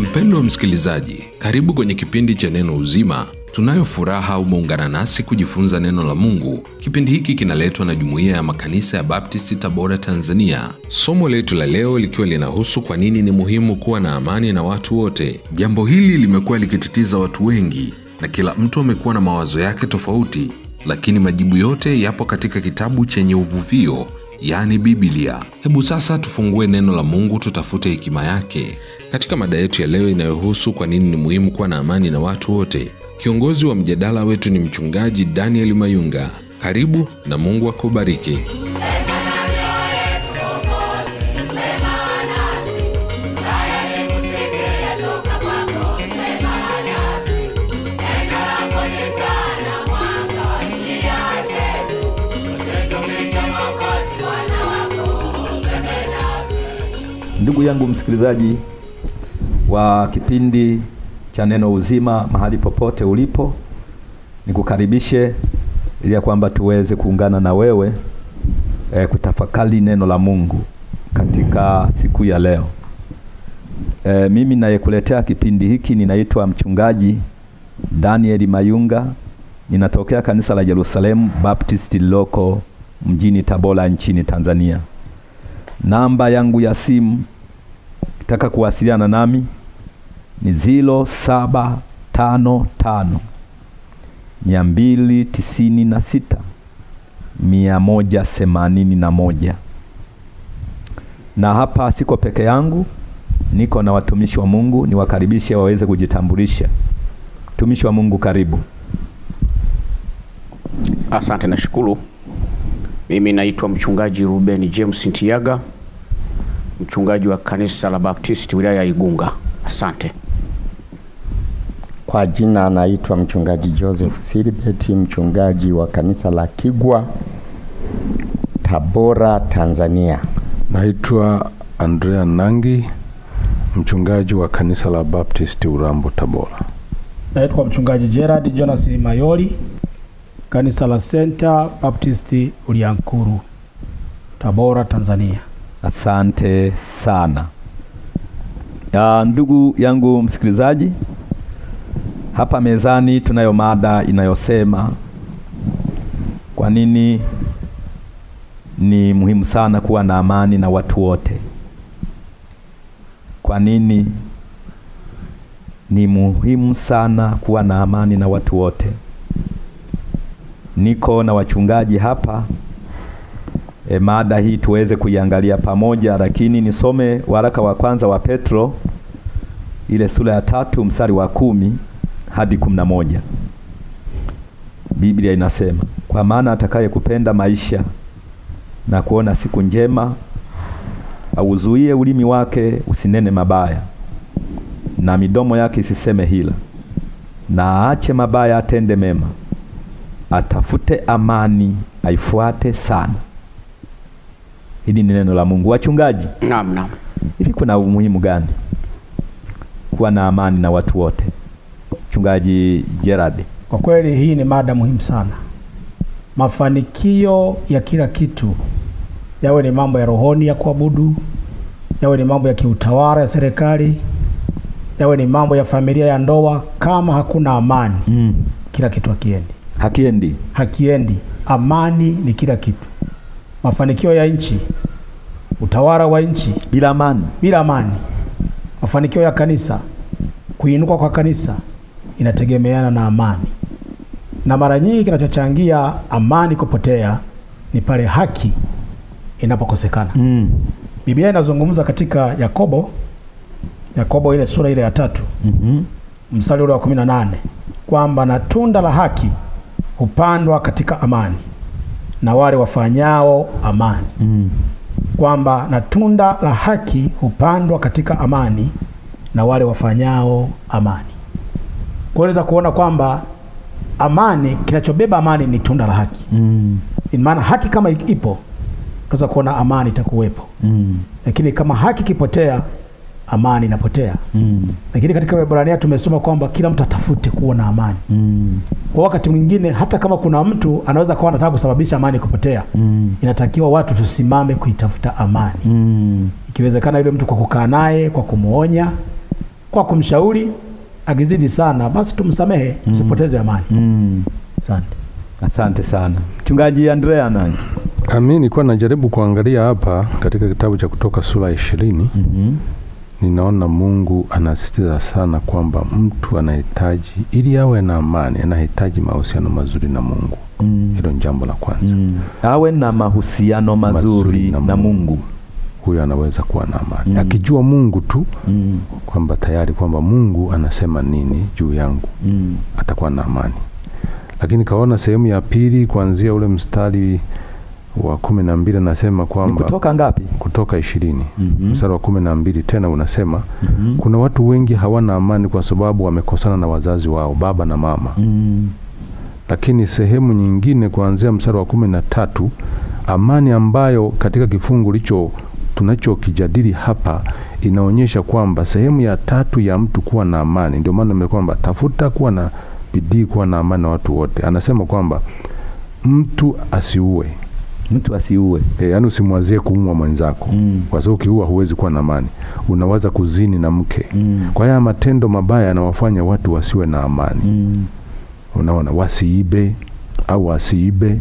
mpendo wa msikilizaji, karibu kwenye kipindi cha Neno Uzima. Tunayo furaha umeungana nasi kujifunza neno la Mungu. Kipindi hiki kinaletwa na Jumuiya ya Makanisa ya Baptisti, Tabora, Tanzania. Somo letu la leo likiwa linahusu kwa nini ni muhimu kuwa na amani na watu wote. Jambo hili limekuwa likititiza watu wengi na kila mtu amekuwa na mawazo yake tofauti, lakini majibu yote yapo katika kitabu chenye uvuvio yaani Biblia. Hebu sasa tufungue neno la Mungu, tutafute hekima yake katika mada yetu ya leo inayohusu kwa nini ni muhimu kuwa na amani na watu wote. Kiongozi wa mjadala wetu ni Mchungaji Daniel Mayunga. Karibu na Mungu akubariki. Ndugu yangu msikilizaji wa kipindi cha Neno Uzima, mahali popote ulipo, nikukaribishe ili ya kwamba tuweze kuungana na wewe e, kutafakari neno la Mungu katika siku ya leo. E, mimi nayekuletea kipindi hiki ninaitwa mchungaji Daniel Mayunga, ninatokea kanisa la Jerusalemu Baptist liloko mjini Tabora nchini Tanzania. Namba yangu ya simu kitaka kuwasiliana nami ni zilo saba tano tano mia mbili tisini na sita mia moja themanini na moja. Na hapa siko peke yangu, niko na watumishi wa Mungu. Niwakaribishe waweze kujitambulisha. Mtumishi wa Mungu, karibu. Asante na shukuru. Mimi naitwa mchungaji Ruben James Ntiyaga, mchungaji wa kanisa la Baptisti wilaya ya Igunga. Asante. Kwa jina anaitwa mchungaji Joseph Silibeti, mchungaji wa kanisa la Kigwa, Tabora, Tanzania. Naitwa Andrea Nangi, mchungaji wa kanisa la Baptisti Urambo, Tabora. Naitwa mchungaji Gerard Jonas Mayoli, kanisa la Center Baptisti Uliankuru, Tabora, Tanzania. Asante sana. Ya, ah, ndugu yangu msikilizaji, hapa mezani tunayo mada inayosema kwa nini ni muhimu sana kuwa na amani na watu wote. Kwa nini ni muhimu sana kuwa na amani na watu wote? niko na wachungaji hapa e, mada hii tuweze kuiangalia pamoja, lakini nisome waraka wa kwanza wa Petro ile sura ya tatu mstari wa kumi hadi kumi na moja. Biblia inasema, kwa maana atakaye kupenda maisha na kuona siku njema auzuie ulimi wake usinene mabaya, na midomo yake isiseme hila, na aache mabaya atende mema atafute amani, aifuate sana. Hili ni neno la Mungu. Wachungaji, naam, naam. Hivi kuna umuhimu gani kuwa na amani na watu wote? Mchungaji Gerard. Kwa kweli hii ni mada muhimu sana. Mafanikio ya kila kitu, yawe ni mambo ya rohoni ya kuabudu, yawe ni mambo ya kiutawala ya serikali, yawe ni mambo ya familia ya ndoa, kama hakuna amani mm, kila kitu akiendi hakiendi, hakiendi. Amani ni kila kitu. Mafanikio ya nchi, utawala wa nchi bila amani, bila amani, mafanikio ya kanisa, kuinuka kwa kanisa inategemeana na amani, na mara nyingi kinachochangia amani kupotea ni pale haki inapokosekana. Mm. Biblia inazungumza katika Yakobo, Yakobo ile sura ile ya tatu mm -hmm. mstari ule wa kumi na nane kwamba na tunda la haki hupandwa katika amani na wale wafanyao amani mm. kwamba na tunda la haki hupandwa katika amani na wale wafanyao amani. Kwa unaweza kuona kwamba amani, kinachobeba amani ni tunda la haki mm. in maana haki kama ipo, tunaweza kuona amani itakuwepo mm. lakini kama haki ikipotea amani inapotea. Mm. Lakini katika Waebrania tumesoma kwamba kila mtu atafute kuwa na amani. Mm. Kwa wakati mwingine hata kama kuna mtu anaweza kuwa anataka kusababisha amani kupotea. Mm. Inatakiwa watu tusimame kuitafuta amani. Mm. Ikiwezekana yule mtu kwa kukaa naye, kwa kumuonya, kwa kumshauri, akizidi sana basi tumsamehe, mm. Tusipoteze amani. Mm. Asante. Asante sana. Mchungaji Andrea Nangi. Amini, kwa najaribu kuangalia hapa katika kitabu cha Kutoka sura ya ishirini. Mm -hmm ninaona Mungu anasisitiza sana kwamba mtu anahitaji, ili awe na amani, anahitaji mahusiano mazuri na Mungu. Mm. Hilo mm. ni jambo la kwanza mm. awe na mahusiano mazuri, mazuri na, na Mungu, Mungu. Huyo anaweza kuwa na amani mm. akijua Mungu tu mm. kwamba tayari kwamba Mungu anasema nini juu yangu mm. atakuwa na amani. Lakini kaona sehemu ya pili kuanzia ule mstari wa kumi na mbili nasema kwamba kutoka ngapi? Kutoka ishirini mm -hmm. mstari wa kumi na mbili tena unasema mm -hmm. kuna watu wengi hawana amani kwa sababu wamekosana na wazazi wao baba na mama mm -hmm. lakini sehemu nyingine kuanzia mstari wa kumi na tatu amani ambayo katika kifungu licho tunachokijadili hapa inaonyesha kwamba sehemu ya tatu ya mtu kuwa na amani, ndio maana kwamba tafuta kuwa na bidii, kuwa na amani na watu wote. Anasema kwamba mtu asiue mtu asiue. E, eh, yani usimwazie kumwa mwenzako mm. kwa sababu ukiua huwezi kuwa na amani, unaweza kuzini na mke mm. kwa hiyo matendo mabaya yanawafanya watu wasiwe na amani mm. Unaona, wasiibe au wasiibe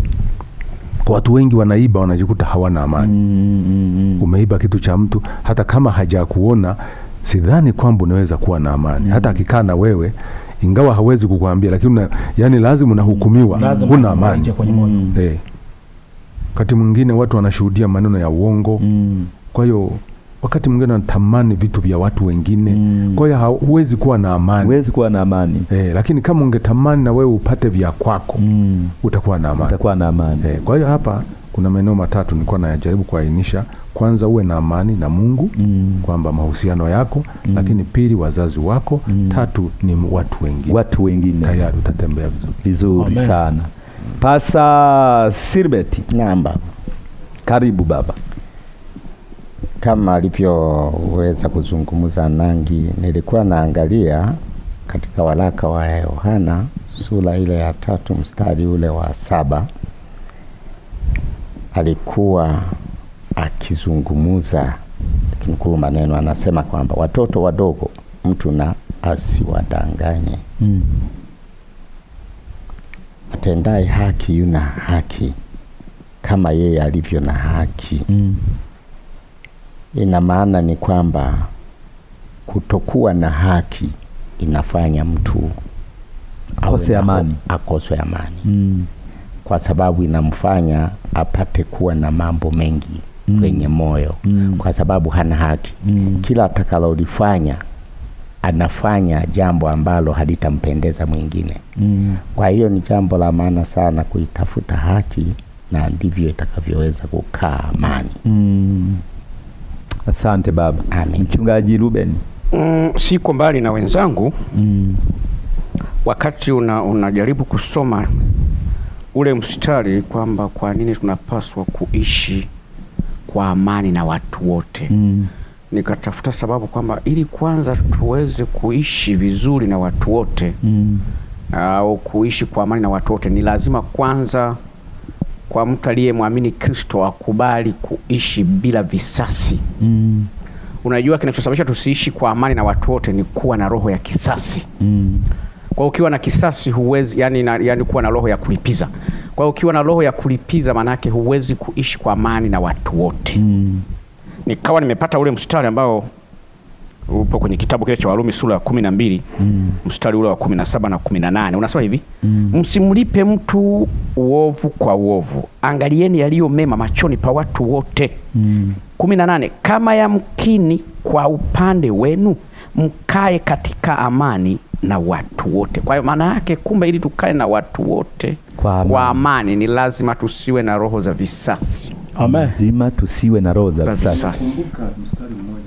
Watu wengi wanaiba wanajikuta hawana amani mm, mm, mm, mm. Umeiba kitu cha mtu, hata kama hajakuona, sidhani kwamba unaweza kuwa na amani mm. Hata akikaa na wewe, ingawa hawezi kukuambia, lakini yani lazima unahukumiwa, huna amani mm wakati mwingine watu wanashuhudia maneno ya uongo mm. kwa hiyo wakati mwingine anatamani vitu vya watu wengine mm. kwa hiyo huwezi kuwa na amani, huwezi kuwa na amani. E, lakini kama ungetamani na wewe upate vya kwako mm. utakuwa na amani, utakuwa na amani. E, kwa hiyo hapa kuna maeneo matatu nilikuwa najaribu kuainisha. Kwanza, uwe na amani na Mungu mm. kwamba mahusiano yako mm. lakini pili, wazazi wako mm. tatu, ni watu wengine, watu wengine, tayari utatembea vizuri, vizuri sana. Pasa sirbeti namba Karibu baba. Kama alivyoweza kuzungumza Nangi, nilikuwa naangalia katika waraka wa Yohana sura ile ya tatu mstari ule wa saba alikuwa akizungumuza kinukuu maneno, anasema kwamba watoto wadogo mtu na asiwadanganye. mm atendaye haki yuna haki kama yeye alivyo na haki mm. Ina maana ni kwamba kutokuwa na haki inafanya mtu akose amani, akose amani mm. Kwa sababu inamfanya apate kuwa na mambo mengi mm. kwenye moyo mm. kwa sababu hana haki mm. Kila atakalolifanya anafanya jambo ambalo halitampendeza mwingine mm. Kwa hiyo ni jambo la maana sana kuitafuta haki na ndivyo itakavyoweza kukaa amani mm. Asante baba. Amen. Mchungaji Ruben. Mm, siko mbali na wenzangu mm. Wakati una, unajaribu kusoma ule mstari kwamba kwa nini tunapaswa kuishi kwa amani na watu wote mm nikatafuta sababu kwamba ili kwanza tuweze kuishi vizuri na watu wote mm. au kuishi kwa amani na watu wote, ni lazima kwanza kwa mtu aliyemwamini Kristo akubali kuishi bila visasi mm. Unajua, kinachosababisha tusiishi kwa amani na watu wote ni kuwa na roho ya kisasi mm. Kwa ukiwa na kisasi huwezi yani, na, yani kuwa na roho ya kulipiza. Kwa ukiwa na roho ya kulipiza, maana huwezi kuishi kwa amani na watu wote mm nikawa nimepata ule mstari ambao upo kwenye kitabu kile cha Warumi sura ya kumi na mbili mm. mstari ule wa kumi na saba na kumi na nane unasema hivi mm. msimlipe mtu uovu kwa uovu, angalieni yaliyo mema machoni pa watu wote. mm. kumi na nane kama yamkini kwa upande wenu mkae katika amani na watu wote. Kwa hiyo maana yake kumbe, ili tukae na watu wote kwa amani, kwa amani ni lazima tusiwe na roho za visasi Amen. Lazima tusiwe na roho za visasi. Mstari mmoja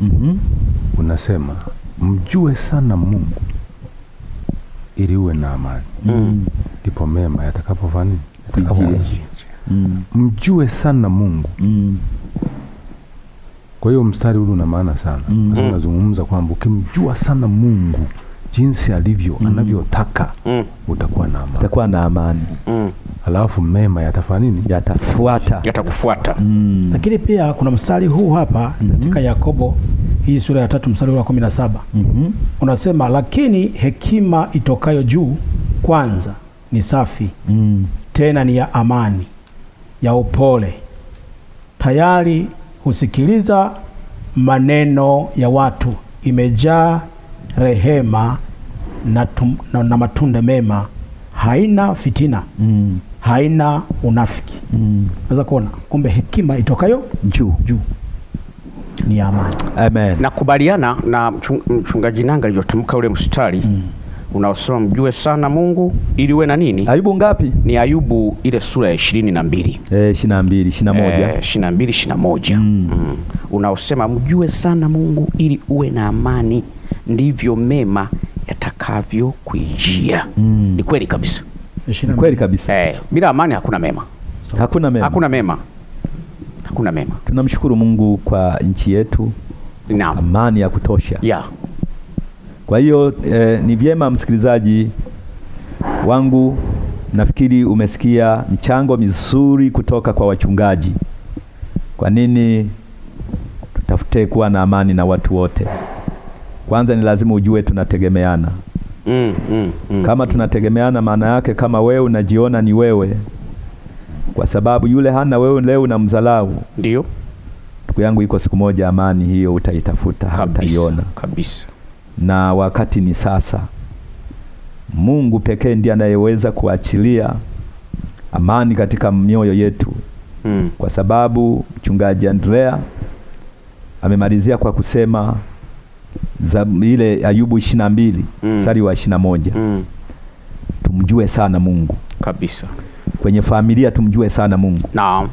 mm -hmm. unasema mjue sana Mungu ili uwe na amani mm. ndipo mm. mema yatakapofani nini? Mm. mjue sana Mungu mm. Kwa hiyo mstari huu una maana sana, unazungumza mm. kwamba ukimjua sana Mungu jinsi alivyo mm. anavyotaka mm. utakuwa na amani, utakuwa na amani mm. alafu mema yatafanya nini? Yatafuata, yatakufuata mm. Lakini pia kuna mstari huu hapa mm -hmm. katika Yakobo hii sura ya tatu mstari wa kumi na saba mm -hmm. unasema, lakini hekima itokayo juu kwanza ni safi mm. tena ni ya amani, ya upole, tayari husikiliza maneno ya watu, imejaa rehema na, tum, na, na matunda mema, haina fitina mm. haina unafiki mm. Naweza kuona kumbe hekima itokayo juu juu ni amani. Amen. Nakubaliana na mchungaji Nanga alivyotamka ule mstari mm. unaosema mjue sana Mungu ili uwe na nini? Ayubu ngapi? Ni Ayubu ile sura ya ishirini na mbili eh, ishirini na mbili ishirini na moja eh, ishirini na mbili ishirini na moja mm. Mm. unaosema mjue sana Mungu ili uwe na amani ndivyo mema yatakavyo kuijia. Mm. Ni kweli kabisa, ni kweli kabisa. Eh, bila amani hakuna mema. So, hakuna mema, hakuna mema, hakuna mema. Tunamshukuru Mungu kwa nchi yetu na amani ya kutosha yeah. Kwa hiyo eh, ni vyema msikilizaji wangu, nafikiri umesikia mchango mizuri kutoka kwa wachungaji. Kwa nini tutafute kuwa na amani na watu wote? kwanza ni lazima ujue tunategemeana. mm, mm, mm, kama tunategemeana, maana yake kama wewe unajiona ni wewe, kwa sababu yule hana wewe, leo unamdhalau. Ndio ndugu yangu, iko siku moja amani hiyo utaitafuta, hautaiona kabisa, na wakati ni sasa. Mungu pekee ndiye anayeweza kuachilia amani katika mioyo yetu mm. Kwa sababu mchungaji Andrea amemalizia kwa kusema za ile Ayubu ishirini na mbili mm. mstari mm. wa ishirini na moja mm. tumjue sana Mungu kabisa. Kwenye familia tumjue sana Mungu naam.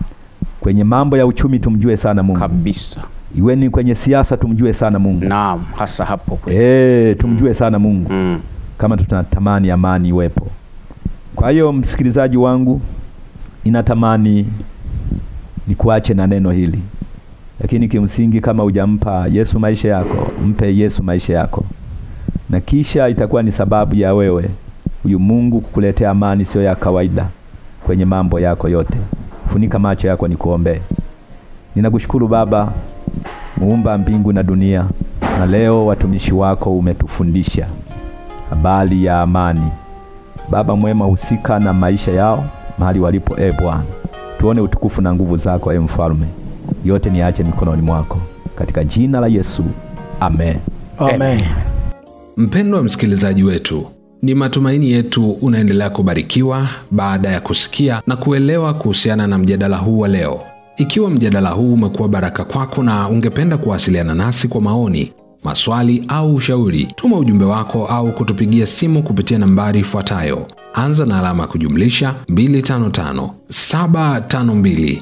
Kwenye mambo ya uchumi tumjue sana Mungu kabisa. Iwe ni kwenye siasa tumjue sana Mungu naam, hasa hapo e, tumjue mm. sana Mungu mm. kama tunatamani amani iwepo. Kwa hiyo msikilizaji wangu, ninatamani nikuache na neno hili. Lakini kimsingi kama hujampa Yesu maisha yako, mpe Yesu maisha yako, na kisha itakuwa ni sababu ya wewe huyu Mungu kukuletea amani sio ya kawaida kwenye mambo yako yote. Funika macho yako nikuombee. Ninakushukuru Baba muumba mbingu na dunia, na leo watumishi wako umetufundisha habari ya amani. Baba mwema, husika na maisha yao mahali walipo, e Bwana, tuone utukufu na nguvu zako, e Mfalme yote niache mikononi mwako katika jina la Yesu amen. Amen. Mpendwa msikilizaji wetu, ni matumaini yetu unaendelea kubarikiwa baada ya kusikia na kuelewa kuhusiana na mjadala huu wa leo. Ikiwa mjadala huu umekuwa baraka kwako na ungependa kuwasiliana nasi kwa maoni, maswali au ushauri, tuma ujumbe wako au kutupigia simu kupitia nambari ifuatayo: anza na alama kujumlisha 255 752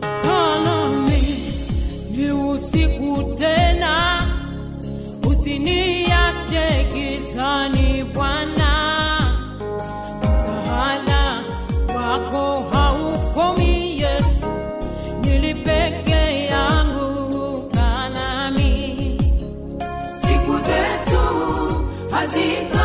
quase